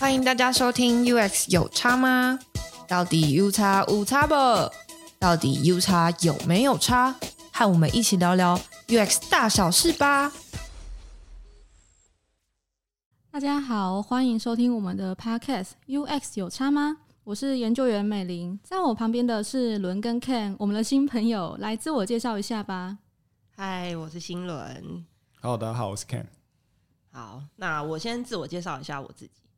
歡迎大家收聽 UX 有差嗎？到底 UX 有差不？到底 UX 有沒有差？和我們一起聊聊 UX 大小事吧！大家好，歡迎收聽我們的 Podcast UX 有差嗎？我是研究員美伶，在我旁邊的是倫跟 Ken，我們的新朋友，朋友來自我介紹一下吧。嗨，我是欣倫。Hello，大家好，我是 Ken。好，那我先自我介紹一下我自己。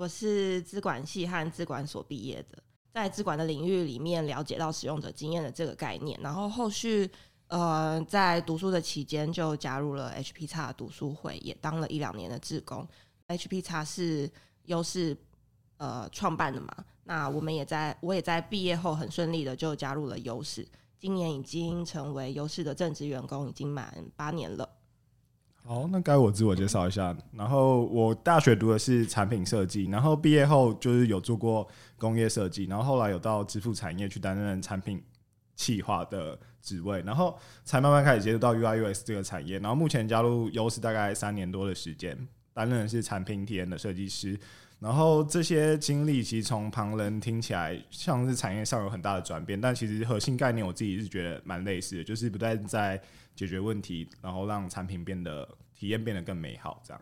我是資管系和資管所畢業的，在資管的領域裡面了解到使用者經驗的這個概念，然後後續呃在讀書的期間，就加入了 HPX 讀書會，也當了一兩年的志工。HPX 是悠識呃創辦的嘛，那我們也在我也在畢業後很順利的就加入了悠識，今年已經成為悠識的正職員工，已經滿八年了。好，oh, 那該我自我介紹一下。然後我大學讀的是產品設計，然後畢業後就是有做過工業設計，然後後來有到支付產業去擔任產品企劃的職位，然後才慢慢開始接觸到 UI/UX 這個產業。然後目前加入悠識大概三年多的時間，擔任的是產品體驗的設計師。然後這些經歷其實從旁人聽起來像是產業上有很大的轉變，但其實核心概念我自己是覺得蠻類似的，就是不斷在,在解決問題，然後讓產品變得。體驗變得更美好，這樣。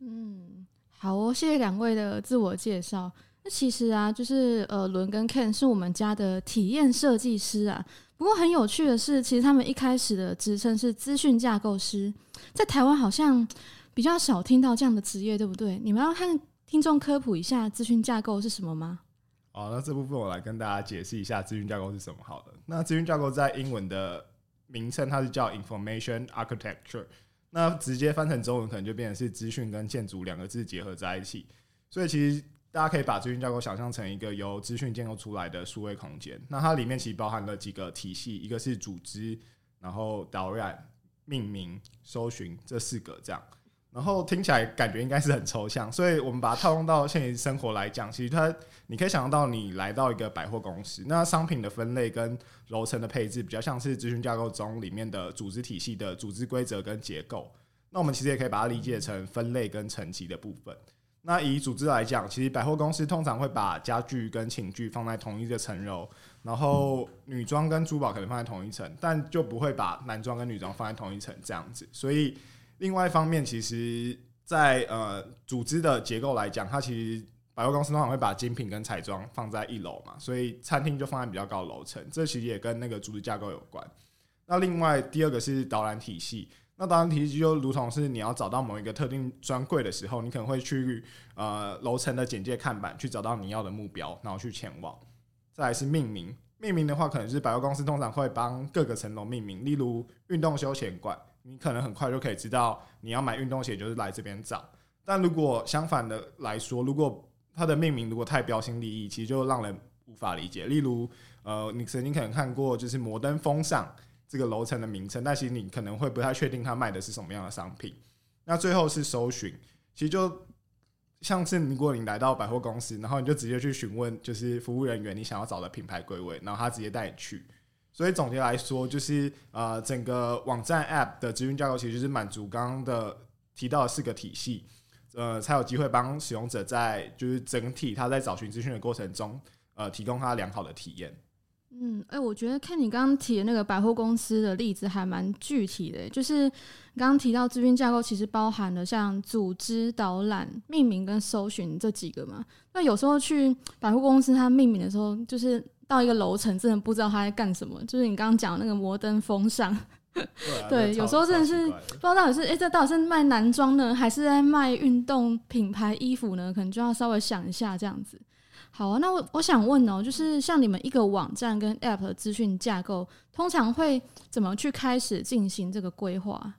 嗯，好哦，謝謝兩位的自我介紹。那其實啊，就是呃，倫跟 Ken 是我們家的體驗設計師啊。不過很有趣的是，其實他們一開始的職稱是資訊架構師，在台灣好像比較少聽到這樣的職業，對不對？你們要和聽眾科普一下資訊架構是什麼嗎？哦，那這部分我來跟大家解釋一下資訊架構是什麼。好的，那資訊架構在英文的名稱它是叫 Information Architecture。那直接翻成中文，可能就變成是資訊跟建築兩個字結合在一起。所以其實大家可以把資訊架構想象成一個由資訊建構出來的數位空間。那它裡面其實包含了幾個體系，一個是組織，然後導覽、命名、搜尋這四個，這樣。然後聽起來感覺應該是很抽象，所以我們把它套用到現實生活來講，其實它你可以想象到，你來到一個百貨公司，那商品的分類跟樓層的配置比較像是資訊架構中裡面的組織體系的組織規則跟結構。那我們其實也可以把它理解成分類跟層級的部分。那以組織來講，其實百貨公司通常會把家具跟寢具放在同一個層樓，然後女裝跟珠寶可能放在同一層，但就不會把男裝跟女裝放在同一層這樣子。所以。另外一方面，其實在，在呃組織的結構來講，它其實百貨公司通常會把精品跟彩妝放在一樓嘛，所以餐廳就放在比較高樓層，這其實也跟那個組織架構有關。那另外第二個是導覽體系，那導覽體系就如同是你要找到某一個特定專櫃的時候，你可能會去呃樓層的簡介看板去找到你要的目標，然後去前往。再來是命名，命名的話，可能是百貨公司通常會幫各個層樓命名，例如運動休閒館。你可能很快就可以知道你要買運動鞋就是來這邊找。但如果相反的來說，如果它的命名如果太標新立異，其實就讓人無法理解。例如，呃，你曾經可能看過就是摩登風尚這個樓層的名稱，但其實你可能會不太確定它賣的是什麼樣的商品。那最後是搜尋，其實就像是如果你來到百貨公司，然後你就直接去詢問就是服務人員你想要找的品牌櫃位，然後他直接帶你去。所以總結來說，就是呃，整個網站 App 的資訊架構，其實就是滿足剛剛的提到的四個體系，呃，才有機會幫使用者在就是整體他在找尋資訊的過程中，呃，提供他良好的體驗。嗯，誒、欸，我覺得 Ken，你剛剛提的那個百貨公司的例子還蠻具體的，就是剛剛提到資訊架構其實包含了像組織導覽、命名跟搜尋這幾個嘛。那有時候去百貨公司，它命名的時候就是。到一個樓層，真的不知道他在幹什麼。就是你剛剛講的那個摩登風尚，對，啊、 對，有時候真的是不知道到底是哎、欸，這到底是賣男裝呢，還是在賣運動品牌衣服呢？可能就要稍微想一下這樣子。好，啊，那我我想問哦、喔，就是像你們一個網站跟 App 的資訊架構，通常會怎麼去開始進行這個規劃？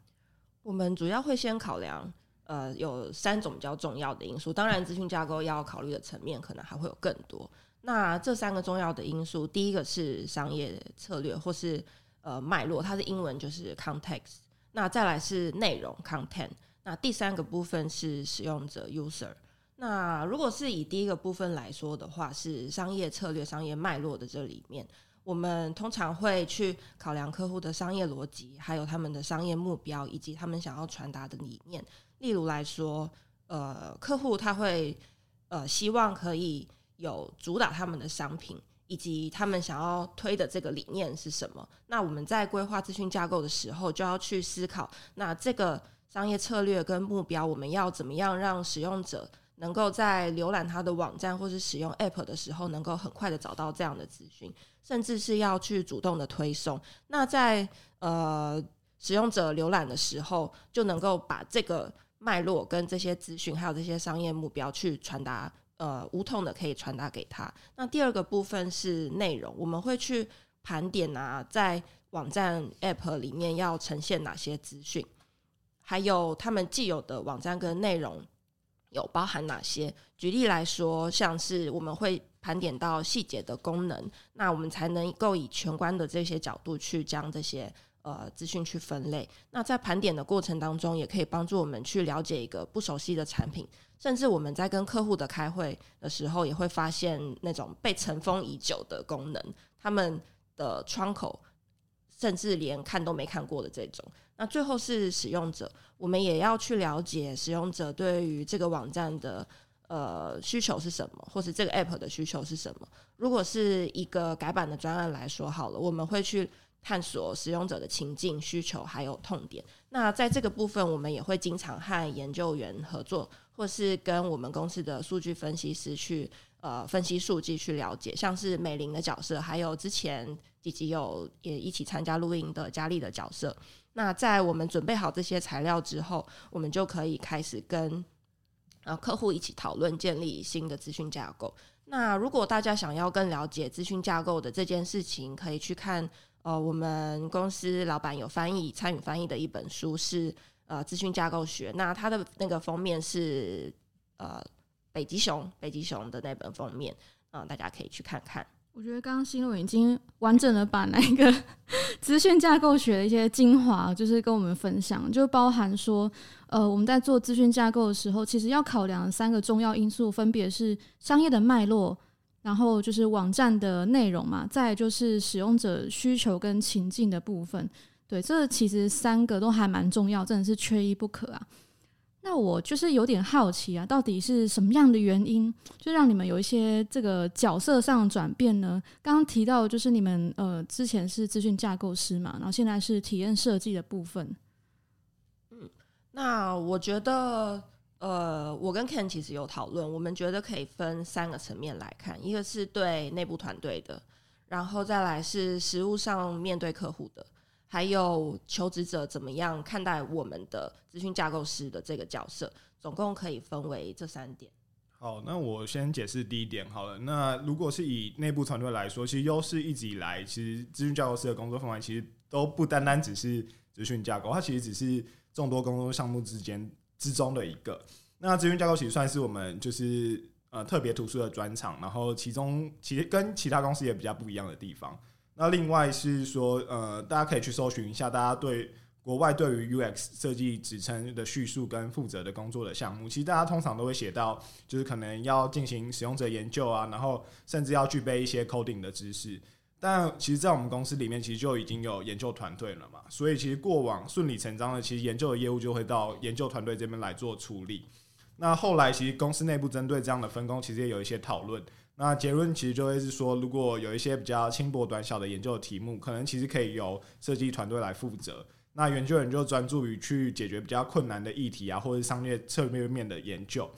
我們主要會先考量，呃，有三種比較重要的因素。當然，資訊架構要考慮的層面，可能還會有更多。那這三個重要的因素，第一個是商業策略或是呃脈絡，它的英文就是 context。那再來是內容 content。那第三個部分是使用者 user。那如果是以第一個部分來說的話，是商業策略、商業脈絡的這裡面，我們通常會去考量客戶的商業邏輯，還有他們的商業目標以及他們想要傳達的理念。例如來說，呃，客戶他會呃希望可以。有主打他們的商品，以及他們想要推的這個理念是什麼？那我們在規劃資訊架構的時候，就要去思考，那這個商業策略跟目標，我們要怎麼樣讓使用者能夠在瀏覽他的網站或是使用 App 的時候，能夠很快的找到這樣的資訊，甚至是要去主動的推送。那在呃使用者瀏覽的時候，就能夠把這個脈絡跟這些資訊，還有這些商業目標去傳達。呃，無痛的可以傳達給他。那第二個部分是內容，我們會去盤點啊，在網站、app 裡面要呈現哪些資訊，還有他們既有的網站跟內容有包含哪些。舉例來說，像是我們會盤點到細節的功能，那我們才能夠以全觀的這些角度去將這些。呃，資訊去分類，那在盤點的過程當中，也可以幫助我們去了解一個不熟悉的產品，甚至我們在跟客戶的開會的時候，也會發現那種被塵封已久的功能，他們的窗口，甚至連看都沒看過的這種。那最後是使用者，我們也要去了解使用者對於這個網站的呃需求是什麼，或是這個 app 的需求是什麼。如果是一個改版的專案來說，好了，我們會去。探索使用者的情境、需求還有痛點。那在這個部分，我們也會經常和研究員合作，或是跟我們公司的數據分析師去呃分析數據，去了解像是美伶的角色，還有之前以及有也一起參加錄音的佳麗的角色。那在我們準備好這些材料之後，我們就可以開始跟呃客戶一起討論建立新的資訊架構。那如果大家想要更了解資訊架構的這件事情，可以去看。哦、呃，我們公司老闆有翻譯參與翻譯的一本書是呃《資訊架構學》，那它的那個封面是呃北極熊，北極熊的那本封面，呃、大家可以去看看。我覺得剛剛欣倫已經完整的把那個資訊架構學的一些精華，就是跟我們分享，就包含說，呃，我們在做資訊架構的時候，其實要考量三個重要因素，分別是商業的脈絡。然後就是網站的內容嘛，再就是使用者需求跟情境的部分，對，這其實三個都還蠻重要，真的是缺一不可啊。那我就是有點好奇啊，到底是什麼樣的原因，就讓你們有一些這個角色上的轉變呢？剛剛提到就是你們呃之前是資訊架構師嘛，然後現在是體驗設計的部分。嗯，那我覺得。呃，我跟 Ken 其實有討論，我們覺得可以分三個層面來看，一個是對內部團隊的，然後再來是實務上面對客戶的，還有求職者怎麼樣看待我們的資訊架、架構師的這個角色，總共可以分為這三點。好，那我先解釋第一點好了。那如果是以內部團隊來說，其實悠識一直以來，其實資訊架構師的工作範圍其實都不單單只是資訊架構，它其實只是眾多工作項目之間。之中的一個，那資訊架構其實算是我們就是呃，特別突出的專長，然後其中其實跟其他公司也比較不一樣的地方。那另外是說，呃，大家可以去搜尋一下，大家對國外對於 UX 設計職稱的敘述跟負責的工作的項目，其實大家通常都會寫到，就是可能要進行使用者研究啊，然後甚至要具備一些 coding 的知識。但其實，在我們公司裡面，其實就已經有研究團隊了嘛，所以其實過往順理成章的，其實研究的業務就會到研究團隊這邊來做處理。那後來，其實公司內部針對這樣的分工，其實也有一些討論。那結論其實就會是說，如果有一些比較輕薄短小的研究題目，可能其實可以由設計團隊來負責。那研究人就專注於去解決比較困難的議題啊，或者是商業策略面的研究。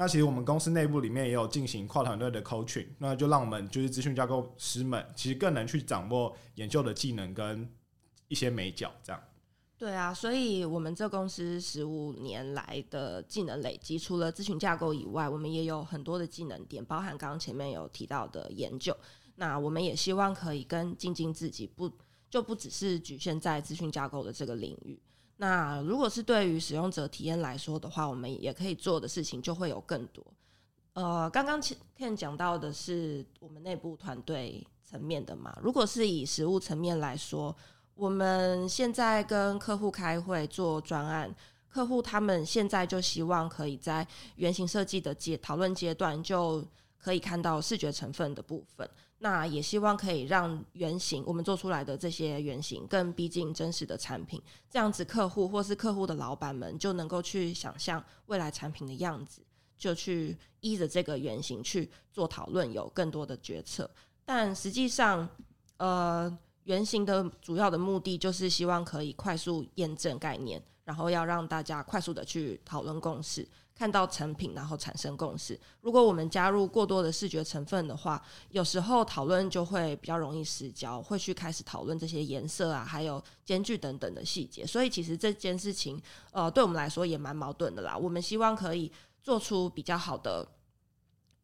那其實我們公司內部裡面也有進行跨團隊的 coaching，那就讓我們就是資訊架構師們其實更能去掌握研究的技能跟一些美角這樣。對啊，所以我們這公司十五年來的技能累積，除了資訊架構以外，我們也有很多的技能點，包含剛剛前面有提到的研究。那我們也希望可以跟靜靜自己不就不只是局限在資訊架構的這個領域。那如果是對於使用者體驗來說的話，我們也可以做的事情就會有更多。呃，剛剛前 e 講到的是我們內部團隊層面的嘛。如果是以實物層面來說，我們現在跟客戶開會做專案，客戶他們現在就希望可以在原型設計的階討論階段就可以看到視覺成分的部分。那也希望可以讓原型，我們做出來的這些原型更逼近真實的產品，這樣子客戶或是客戶的老板們就能夠去想象未來產品的樣子，就去依着這個原型去做討論，有更多的決策。但實際上，呃，原型的主要的目的就是希望可以快速驗證概念，然後要讓大家快速的去討論共識。看到成品，然後產生共識。如果我們加入過多的視覺成分的話，有時候討論就會比較容易失焦，會去開始討論這些顏色啊，還有間距等等的細節。所以其實這件事情，呃，對我們來說也蠻矛盾的啦。我們希望可以做出比較好的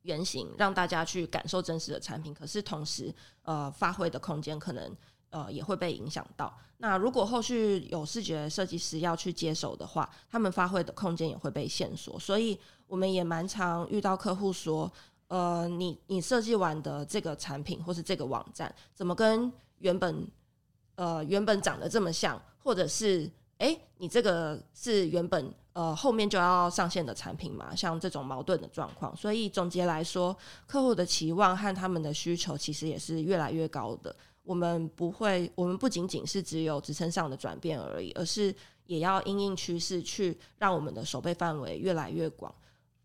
原型，讓大家去感受真實的產品。可是同時，呃，發揮的空間可能。呃，也會被影響到。那如果後續有視覺設計師要去接手的話，他們發揮的空間也會被限縮。所以我們也蠻常遇到客戶說，呃，你你設計完的這個產品或是這個網站，怎麼跟原本呃原本長得這麼像，或者是誒，你這個是原本呃後面就要上線的產品嘛？像這種矛盾的狀況。所以總結來說，客戶的期望和他們的需求其實也是越來越高的。我們不會，我們不僅僅是只有職稱上的轉變而已，而是也要因應趨勢去讓我們的守備範圍越來越廣。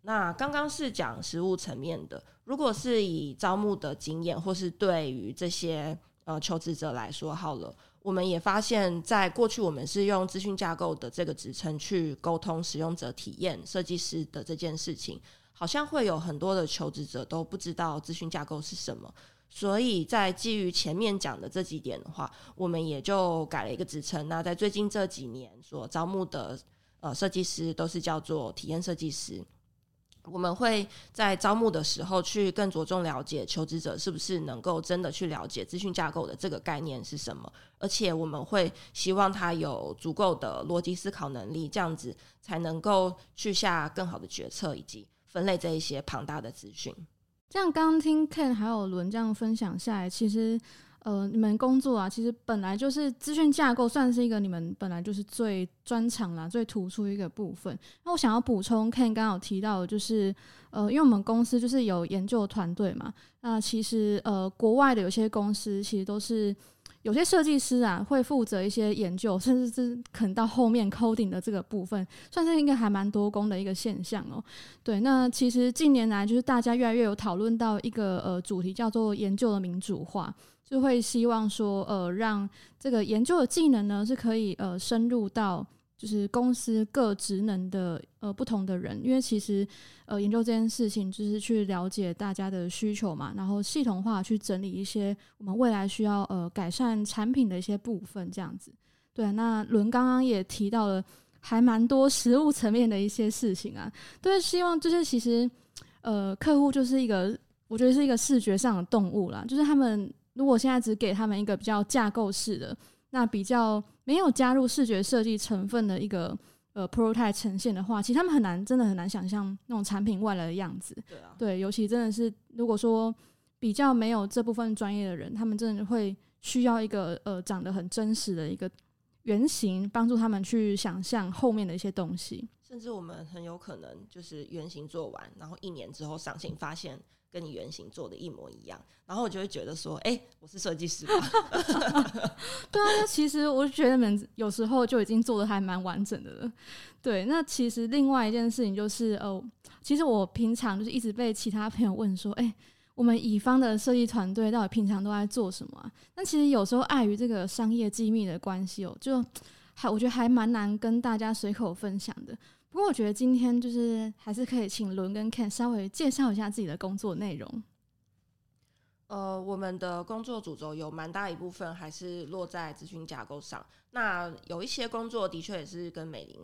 那剛剛是講實務層面的，如果是以招募的經驗，或是對於這些呃求職者來說，好了，我們也發現，在過去我們是用資訊架構的這個職稱去溝通使用者體驗設計師的這件事情，好像會有很多的求職者都不知道資訊架構是什麼。所以在基於前面講的這幾點的話，我們也就改了一個職稱。那在最近這幾年所招募的呃設計師都是叫做體驗設計師。我們會在招募的時候去更着重了解求職者是不是能夠真的去了解資訊架構的這個概念是什麼，而且我們會希望他有足夠的邏輯思考能力，這樣子才能夠去下更好的決策以及分類這一些龐大的資訊。這樣，剛聽 Ken 還有倫這樣分享下來，其實，呃，你們工作啊，其實本來就是資訊架構，算是一個你們本來就是最專長啦、最突出一個部分。那我想要補充，Ken 剛剛有提到，就是，呃，因為我們公司就是有研究團隊嘛，那其實，呃，國外的有些公司其實都是。有些設計師啊，會負責一些研究，甚至是可能到後面 coding 的這個部分，算是一個還蠻多工的一個現象哦。對，那其實近年來就是大家越來越有討論到一個呃主題，叫做研究的民主化，就會希望說呃讓這個研究的技能呢是可以呃深入到。就是公司各職能的呃不同的人，因為其實呃研究這件事情，就是去了解大家的需求嘛，然後系統化去整理一些我們未來需要呃改善產品的一些部分，這樣子。對、啊，那倫剛剛也提到了，還蠻多實物層面的一些事情啊，對、就是希望就是其實呃客戶就是一個，我覺得是一個視覺上的動物啦，就是他們如果現在只給他們一個比較架構式的那比較沒有加入視覺設計成分的一個呃 prototype 呈現的話，其實他們很難，真的很難想象那種產品外來的樣子。對啊，對，尤其真的是如果說比較沒有這部分專業的人，他們真的會需要一個呃長得很真實的一個原型，幫助他們去想象後面的一些東西。甚至我們很有可能就是原型做完，然後一年之後上線發現跟你原型做的一模一樣，然後我就會覺得說：“欸，我是設計師吧？”對啊，那其實我覺得你們有時候就已經做的還蠻完整的了。對，那其實另外一件事情就是，呃，其實我平常就是一直被其他朋友問說：“欸，我們乙方的設計團隊到底平常都在做什麼啊？”那其實有時候礙於這個商業機密的關係哦，就還我覺得還蠻難跟大家隨口分享的。不過我覺得今天就是還是可以請倫跟 Ken 稍微介紹一下自己的工作內容。呃，我們的工作主軸有蠻大一部分還是落在資訊架構上。那有一些工作的確也是跟美伶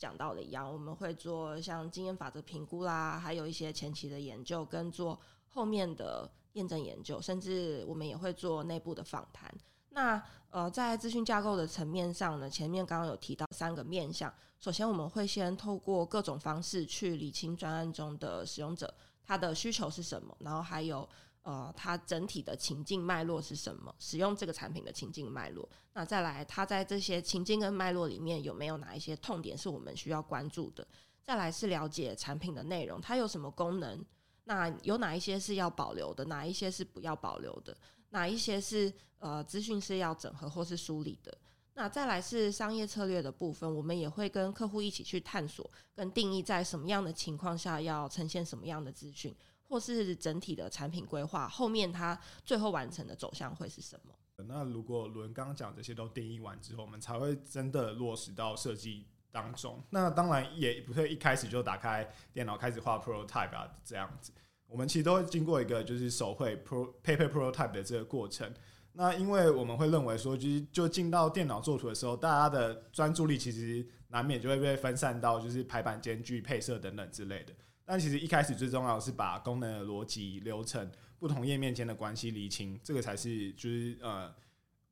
講到的一樣，我們會做像經驗法則評估啦，還有一些前期的研究跟做後面的驗證研究，甚至我們也會做內部的訪談。那呃，在資訊架構的層面上呢，前面剛剛有提到三個面向。首先，我們會先透過各種方式去理清專案中的使用者他的需求是什麼，然後還有呃，他整體的情境脈絡是什麼，使用這個產品的情境脈絡。那再來，他在這些情境跟脈絡裡面有沒有哪一些痛點是我們需要關注的？再來是了解產品的內容，它有什麼功能？那有哪一些是要保留的，哪一些是不要保留的？哪一些是呃資訊是要整合或是梳理的？那再來是商業策略的部分，我們也會跟客戶一起去探索，跟定義在什麼樣的情況下要呈現什麼樣的資訊，或是整體的產品規劃，後面它最後完成的走向會是什麼？那如果倫剛剛講這些都定義完之後，我們才會真的落實到設計當中。那當然也不會一開始就打開電腦開始畫 prototype 啊這樣子。我們其實都會經過一個就是手繪 pro paper prototype 的這個過程。那因為我們會認為說，就是就進到電腦做圖的時候，大家的專注力其實難免就會被分散到就是排版間距、配色等等之類的。但其實一開始最重要的是把功能的邏輯、流程、不同頁面間的關係理清，這個才是就是呃，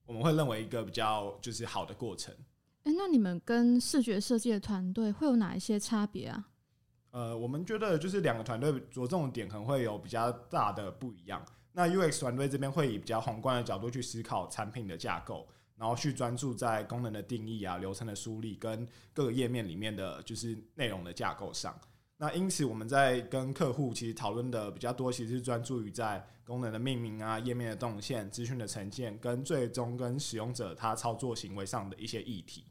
我們會認為一個比較就是好的過程。誒、欸，那你們跟視覺設計的團隊會有哪一些差別啊？呃，我們覺得就是兩個團隊着重的點可能會有比較大的不一樣。那 UX 團隊這邊會以比較宏觀的角度去思考產品的架構，然後去專注在功能的定義啊、流程的梳理跟各個頁面裡面的就是內容的架構上。那因此，我們在跟客戶其實討論的比較多，其實是專注於在功能的命名啊、頁面的動線、資訊的呈現跟最終跟使用者他操作行為上的一些議題。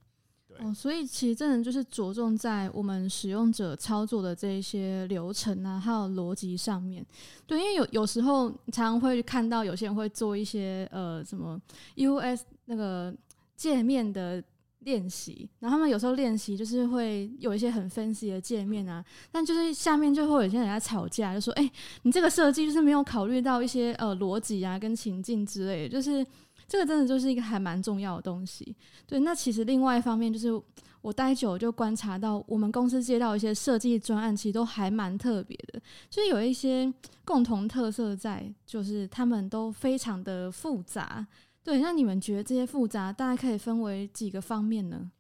哦，所以其實真的就是着重在我們使用者操作的這一些流程啊，還有邏輯上面。對，因為有有時候常常會看到有些人會做一些呃什麼 US 那個界面的練習，然後他們有時候練習就是會有一些很 fancy 的界面啊，但就是下面就會有些人在吵架，就說：“哎、欸，你這個設計就是沒有考慮到一些呃邏輯啊跟情境之類的，就是。”這個真的就是一個還蠻重要的東西，對。那其實另外一方面，就是我待久了就觀察到，我們公司接到一些設計專案，其實都還蠻特別的，就是有一些共同特色在，就是他們都非常的複雜，對。那你們覺得這些複雜大概可以分為幾個方面呢？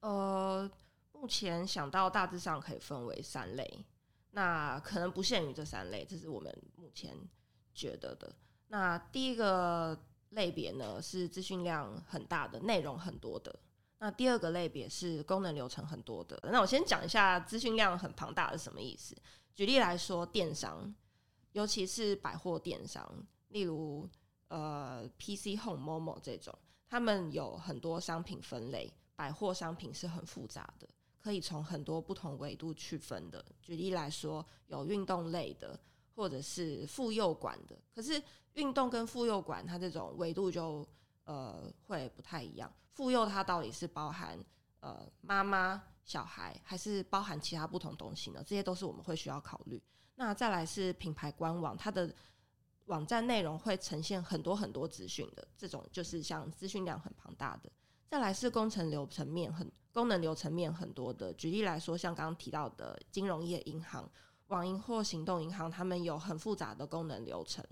呃，目前想到大致上可以分為三類，那可能不限於這三類，這是我們目前覺得的。那第一個。類別呢是資訊量很大的，內容很多的。那第二個類別是功能流程很多的。那我先講一下資訊量很龐大的什麼意思。舉例來說，電商，尤其是百貨電商，例如呃 PC Home、Momo 這種，他們有很多商品分類，百貨商品是很複雜的，可以從很多不同維度去分的。舉例來說，有運動類的。或者是婦幼館的，可是運動跟婦幼館它這種維度就呃會不太一樣。婦幼它到底是包含呃媽媽、小孩，還是包含其他不同東西呢？這些都是我們會需要考慮。那再來是品牌官網，它的網站內容會呈現很多很多資訊的，這種就是像資訊量很龐大的。再來是工程流層面很功能流層面很多的，舉例來說，像剛剛提到的金融業、銀行。網銀或行動銀行，他們有很複雜的功能流程。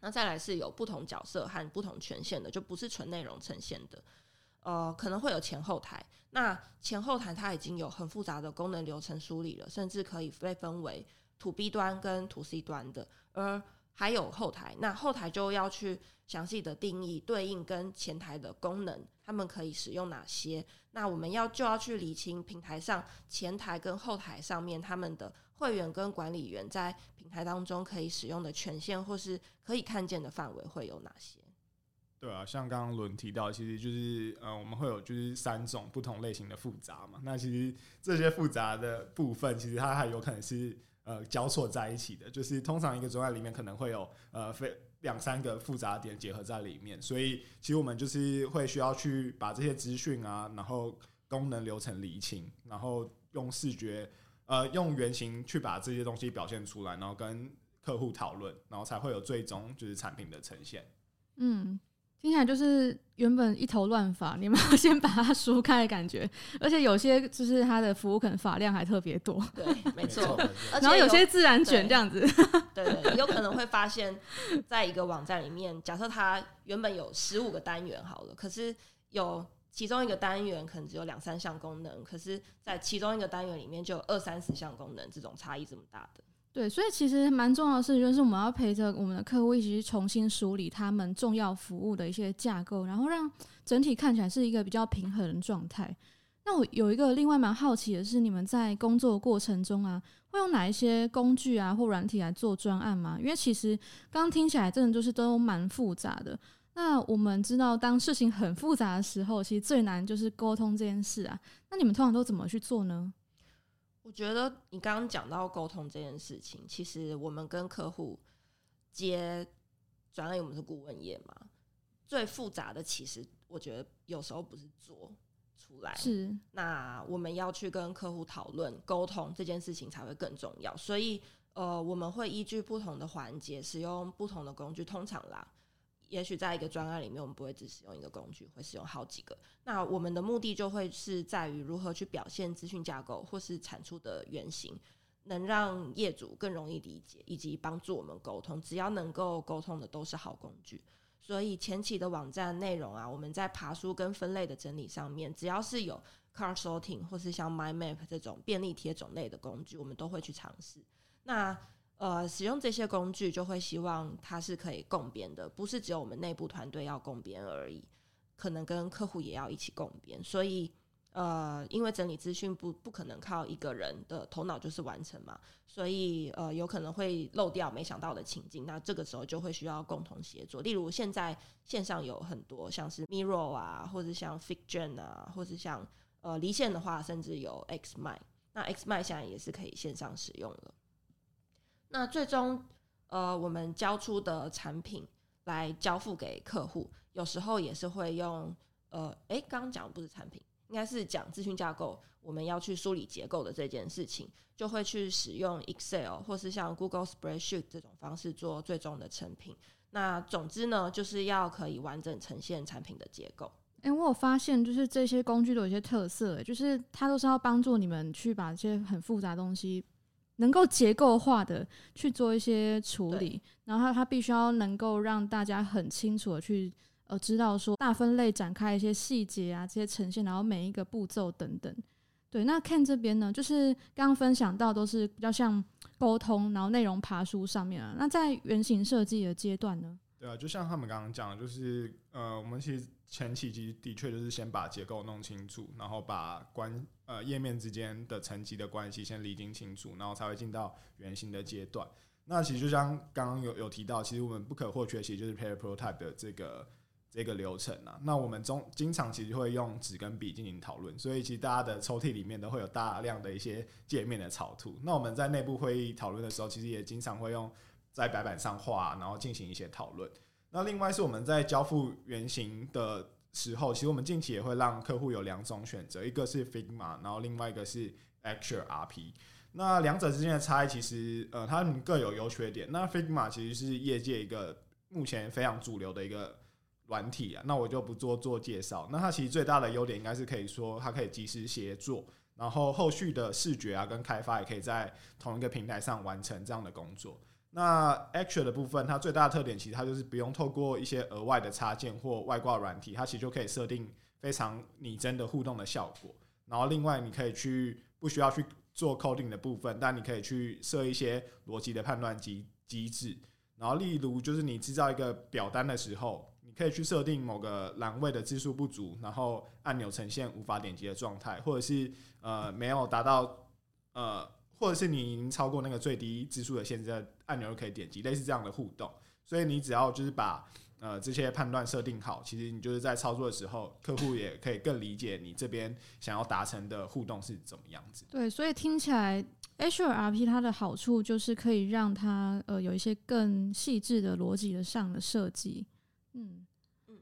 那再來是有不同角色和不同權限的，就不是純內容呈現的。呃，可能會有前後台。那前後台它已經有很複雜的功能流程梳理了，甚至可以被分為 To B 端跟 To C 端的，而還有後台，那後台就要去詳細的定義對應跟前台的功能，他們可以使用哪些？那我們要就要去理清平台上前台跟後台上面他們的會員跟管理員在平台當中可以使用的權限，或是可以看見的範圍會有哪些？對啊，像剛剛倫提到，其實就是嗯、呃，我們會有就是三種不同類型的複雜嘛。那其實這些複雜的部分，其實它還有可能是。呃，交錯在一起的，就是通常一個專案裡面可能會有呃非兩三個複雜點結合在裡面，所以其實我們就是會需要去把這些資訊啊，然後功能流程理清，然後用視覺呃用原型去把這些東西表現出來，然後跟客戶討論，然後才會有最終就是產品的呈現。嗯。聽起來就是原本一頭亂髮，你們先把它梳開的感覺。而且有些就是它的服務可能髮量還特別多。對，沒錯。然後有些自然捲這樣子。對、對、對、對，有可能會發現，在一個網站裡面， 假設它原本有十五個單元好了，可是有其中一個單元可能只有兩三項功能，可是在其中一個單元裡面就有二三十項功能，這種差異這麼大的。對，所以其實蠻重要的事就是我們要陪着我們的客戶一起去重新梳理他們重要服務的一些架構，然後讓整體看起來是一個比較平衡的狀態。那我有一個另外蠻好奇的是，你們在工作的過程中啊，會用哪一些工具啊或軟體來做專案嗎？因為其實剛剛聽起來真的就是都蠻複雜的。那我們知道，當事情很複雜的時候，其實最難就是溝通這件事啊。那你們通常都怎麼去做呢？我覺得你剛剛講到溝通這件事情，其實我們跟客戶接轉業，我們是顧問業嘛，最複雜的其實我覺得有時候不是做出來，是那我們要去跟客戶討論溝通這件事情才會更重要，所以呃，我們會依據不同的環節使用不同的工具，通常啦。也許在一個專案裡面，我們不會只使用一個工具，會使用好幾個。那我們的目的就會是在於如何去表現資訊架構或是產出的原型，能讓業主更容易理解以及幫助我們溝通。只要能夠溝通的都是好工具。所以前期的網站內容啊，我們在爬梳跟分類的整理上面，只要是有 card sorting 或是像 mind map 這種便利貼種類的工具，我們都會去嘗試。那呃，使用這些工具就會希望它是可以共編的，不是只有我們內部團隊要共編而已，可能跟客戶也要一起共編。所以，呃，因為整理資訊不不可能靠一個人的頭腦就是完成嘛，所以呃，有可能會漏掉沒想到的情境。那這個時候就會需要共同協作。例如，現在線上有很多像是 Miro 啊，或者像 FigJam 啊，或者像呃離線的話，甚至有 XMind。那 XMind 現在也是可以線上使用的。那最終，呃，我們交出的產品來交付給客戶，有時候也是會用，呃，誒，剛剛講的不是產品，應該是講資訊架構，我們要去梳理結構的這件事情，就會去使用 Excel 或是像 Google Spreadsheet 這種方式做最終的成品。那總之呢，就是要可以完整呈現產品的結構。哎、欸，我有發現，就是這些工具都有些特色，就是它都是要幫助你們去把這些很複雜的東西。能夠結構化的去做一些處理，然後它、它必須要能夠讓大家很清楚的去呃知道說，大分類展開一些細節啊，這些呈現，然後每一個步驟等等。對，那看這邊呢，就是剛剛分享到都是比較像溝通，然後內容爬梳上面啊。那在原型設計的階段呢？對啊，就像他們剛剛講的，就是呃，我們其實。前期其實的確就是先把結構弄清楚，然後把關呃頁面之間的層級的關係先釐清清楚，然後才會進到原型的階段。那其實就像剛剛有有提到，其實我們不可或缺其實就是 paper prototype 的這個這個流程啊。那我們中經常其實會用紙跟筆進行討論，所以其實大家的抽屜裡面都會有大量的一些界面的草圖。那我們在內部會議討論的時候，其實也經常會用在白板上畫，然後進行一些討論。那另外是我們在交付原型的時候，其實我們近期也會讓客戶有兩種選擇，一個是 Figma，然後另外一個是 Axure RP。那兩者之間的差異其實，呃，它們各有優缺點。那 Figma 其實是業界一個目前非常主流的一個軟體啊，那我就不做做介紹。那它其實最大的優點應該是可以說，它可以即時協作，然後後續的視覺啊跟開發也可以在同一個平台上完成這樣的工作。那 Axure 的部分，它最大的特點其實它就是不用透過一些額外的插件或外掛軟體，它其實就可以設定非常擬真的互動的效果。然後另外你可以去不需要去做 coding 的部分，但你可以去設一些邏輯的判斷機機制。然後例如就是你製造一個表單的時候，你可以去設定某個欄位的字數不足，然後按鈕呈現無法點擊的狀態，或者是呃沒有達到呃。或者是你已經超過那個最低字數的限制的按鈕就可以點擊，類似這樣的互動。所以你只要就是把呃這些判斷設定好，其實你就是在操作的時候，客戶也可以更理解你這邊想要達成的互動是怎麼樣子。對，所以聽起來 Axure RP 它的好處就是可以讓它呃有一些更細緻的邏輯的上的設計。嗯嗯，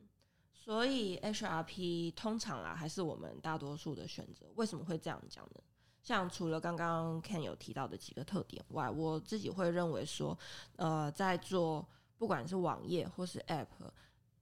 所以 Axure RP 通常啊還是我們大多數的選擇。為什麼會這樣講呢？像除了剛剛 Ken 有提到的幾個特點外，我自己會認為說，呃，在做不管是網頁或是 App，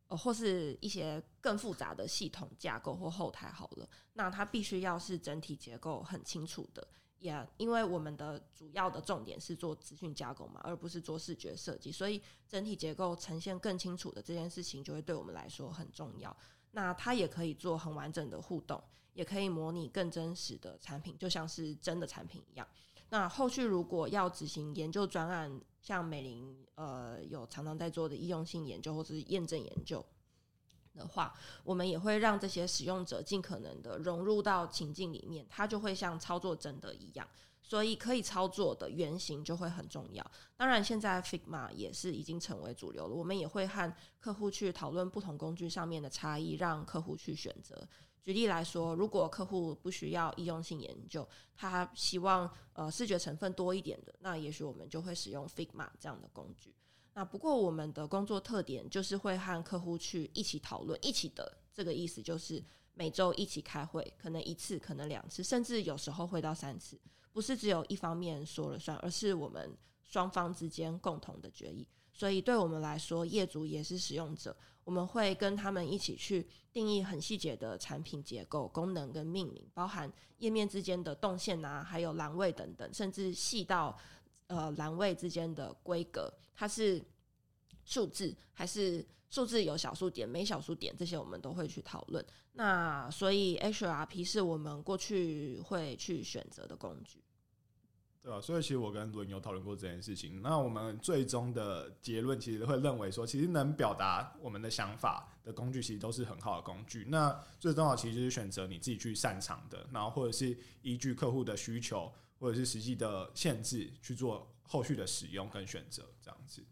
呃，或是一些更複雜的系統架構或後台好了，那它必須要是整體結構很清楚的。也、yeah, 因為我們的主要的重點是做資訊架構嘛，而不是做視覺設計，所以整體結構呈現更清楚的這件事情，就會對我們來說很重要。那它也可以做很完整的互動，也可以模擬更真實的產品，就像是真的產品一樣。那後續如果要執行研究專案，像美伶呃有常常在做的易用性研究或是驗證研究的話，我們也會讓這些使用者盡可能的融入到情境裡面，它就會像操作真的一樣。所以可以操作的原型就會很重要。當然，現在 Figma 也是已經成為主流了。我們也會和客戶去討論不同工具上面的差異，讓客戶去選擇。舉例來說，如果客戶不需要易用性研究，他希望呃視覺成分多一點的，那也許我們就會使用 Figma 這樣的工具。那不過我們的工作特點就是會和客戶去一起討論，一起的這個意思就是。每週一起開會，可能一次，可能兩次，甚至有時候會到三次。不是只有一方面說了算，而是我們雙方之間共同的決議。所以對我們來說，業主也是使用者，我們會跟他們一起去定義很細節的產品結構、功能跟命名，包含頁面之間的動線啊，還有欄位等等，甚至細到呃欄位之間的規格，它是數字還是？數字有小數點沒小數點，這些我們都會去討論。那所以 Axure RP 是我們過去會去選擇的工具，對吧、啊？所以其實我跟倫有討論過這件事情。那我們最終的結論其實會認為說，其實能表達我們的想法的工具，其實都是很好的工具。那最重要其實就是選擇你自己去擅長的，然後或者是依據客戶的需求，或者是實際的限制去做後續的使用跟選擇，這樣子。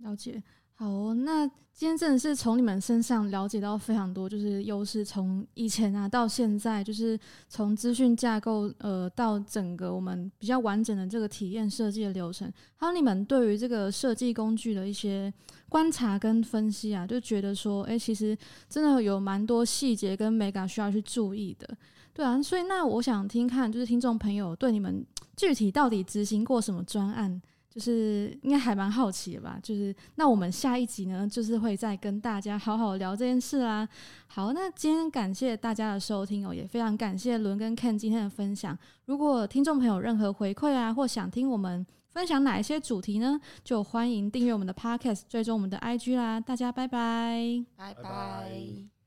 了解。好、哦，那今天真的是從你們身上了解到非常多，就是悠識。從以前啊到現在，就是從資訊架構呃到整個我們比較完整的這個體驗設計的流程，還有你們對於這個設計工具的一些觀察跟分析啊，就覺得說，哎、欸，其實真的有蠻多細節跟美感需要去注意的。對啊，所以那我想聽看，就是聽眾朋友對你們具體到底執行過什麼專案？就是應該還蠻好奇的吧？就是那我們下一集呢，就是會再跟大家好好聊這件事啦。好，那今天感謝大家的收聽哦，也非常感謝倫跟 Ken 今天的分享。如果聽眾朋友任何回饋啊，或想聽我們分享哪一些主題呢，就歡迎訂閱我們的 Podcast，追蹤我們的 IG 啦。大家拜拜，拜拜。